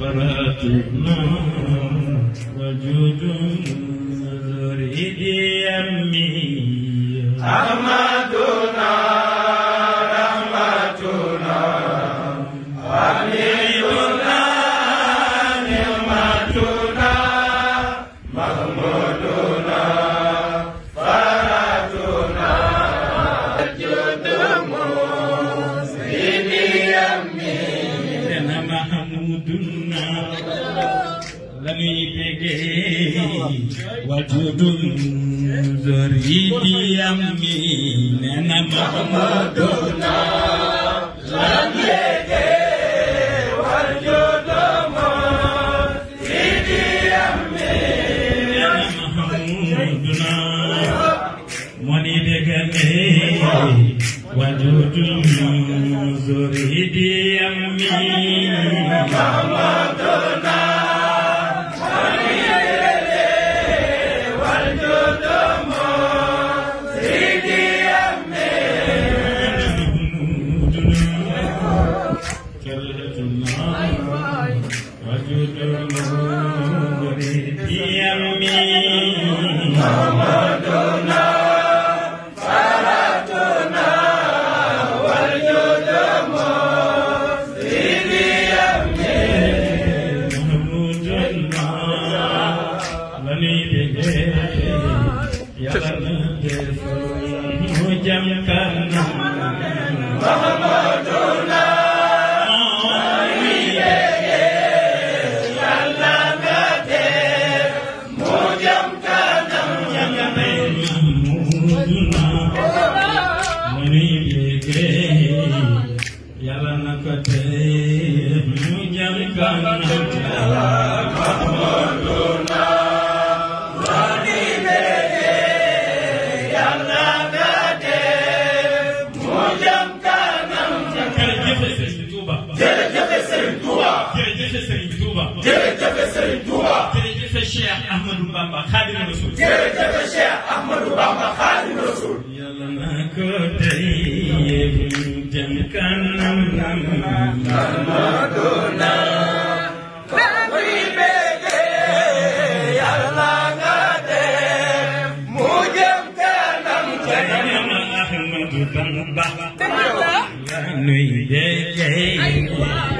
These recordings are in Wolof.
مراتنا وجود نذر إذ يمي أمان وجود ذريتي أمي أنا محمد jërëjëf Serigne Touba. jërëjëf Serigne Touba. jërëjëf Cheikh Ahmadou Bamba Xaadimu Rasuul. jërëjëf Cheikh Ahmadou Bamba Xaadimu Rasuul. yàlla na ko tey dem kanam nam Amadou Bamba. Bamba. Nuy de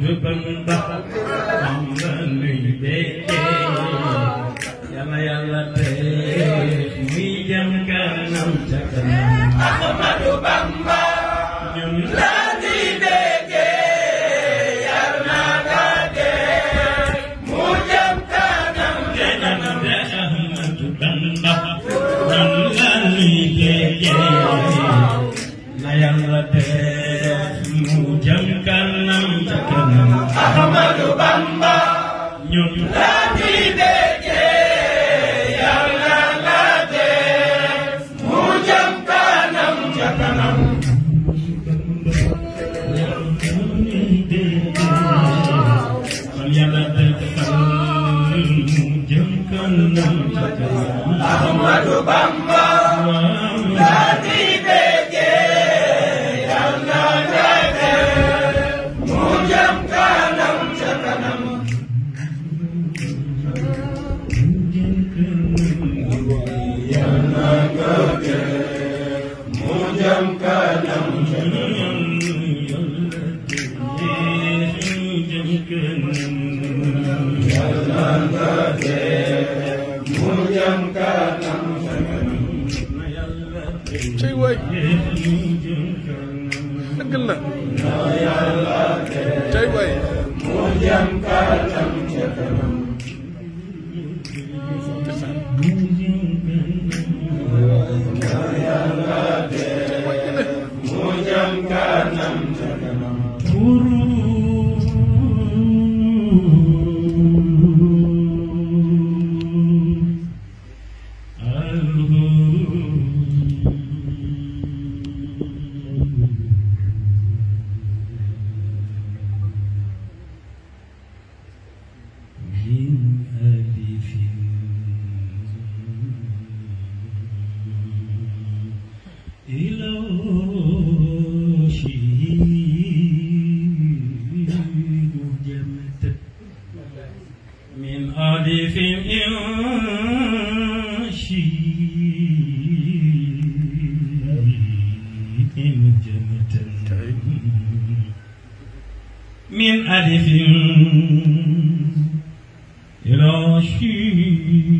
jubal ba moom nga nuy békkee yàlla yàlla teex muy Ahmadu Bamba la di békkee yàlla ka teex mu jëm kanam ca kanam Ahmadu Bamba ca kanam Ahmadu Bamba ñun na nga def mu jëm kanam yàlla nga def mu jëm kanam dëgg la في تنتهي من ألف إلى شين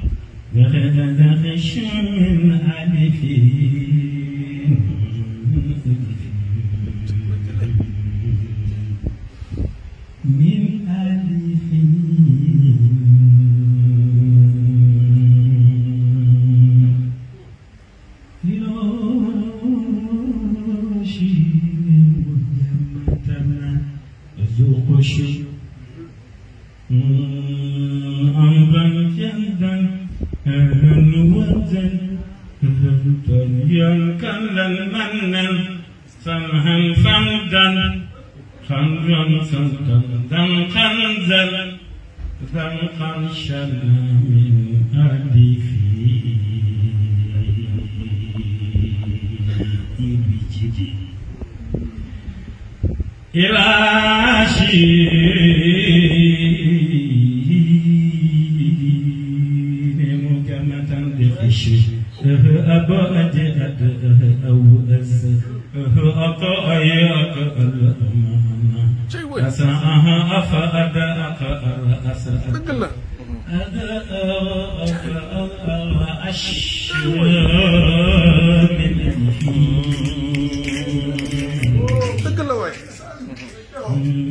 غدا ذا غشا عارفين dan خمر سلطان دم خنزل دم خنشل من أديفي إلى شيء مكمة بخشي أبو أجأت أو أسر أطأياك الأمان أسعها أفأداك الأسر أداءك الأشر من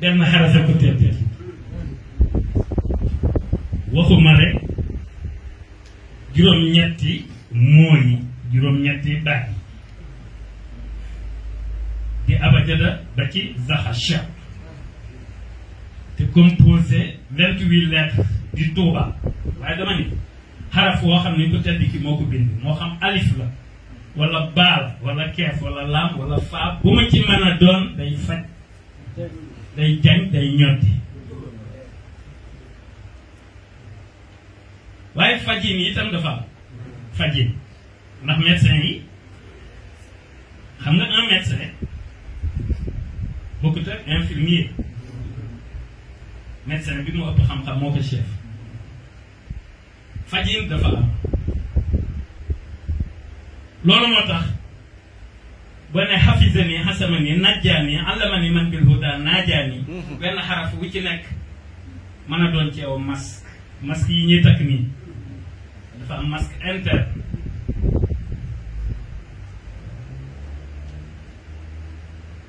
benn xarasa ku tedd waxuma rek juróom-ñetti mooy juróom-ñetti baat yi abajada ba ci zaxasha te composé vingt-huit lettres di tuuba waaye dama ni xaraf woo xam ne ku ki moo ko bind moo xam alif la wala baal wala keef wala laam wala faab bu ma ci mën a doon day faj day jañ day ñotti waaye fajin yi dafa fajin ndax médecin yi xam nga un médecin bokkut ak infirmier médecin bi mu xam-xam moo chef fajin dafa loolu moo tax ba ne xafisani xasamani najjaani allamani man bil huda naajaani mhm. benn xaraf wu ci nekk mën a doon ci aw masque yi ñuy takk nii dafa am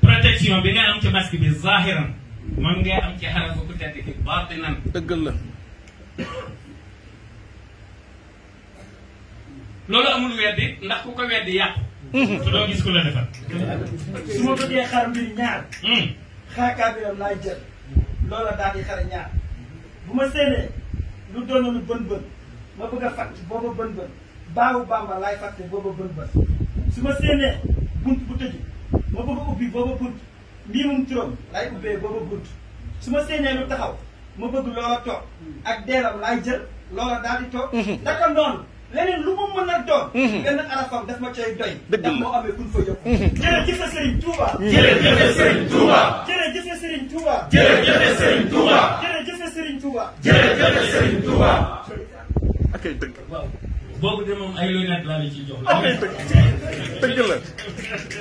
protection bi nga am ci masque bi zahiran moom ngay am ci xaraf ku tedd ki baatinan dëgg la loolu amul weddi ndax ku ko weddi yàqu te doo gis ku la defal. su ma bëggee xar mbir ñaar. xaakaar bi laay jël loola daal di xare ñaar bu ma séenee lu doonoon bën bën ma bëgg a fàtt booba bën bën baawu bàmba laay fàtte booba bën bën su ma séenee bunt bu tëju ma bëgg a ubbi booba bunt mbii laay ubbee booba bunt su ma séenee lu taxaw ma bëgg loola toog ak deelam laay jël loola daal di to mm-hmm. naka noonu leneen lu ma mën a doon. Mhm. benn arafam daf ma cay doy. dëgg la ndax moo amee kuñ fa yokku. Mhm. Mhm. jërëjëf Serigne Touba. jërëjëf Serigne Touba. jërëjëf Serigne Touba. jërëjëf Serigne Touba. jërëjëf Serigne Touba. jërëjëf Serigne Touba. ak ay dëgg. waaw boobu de moom ay yooyu nag laa la ciy jox. ak ay dëgg dëgg la.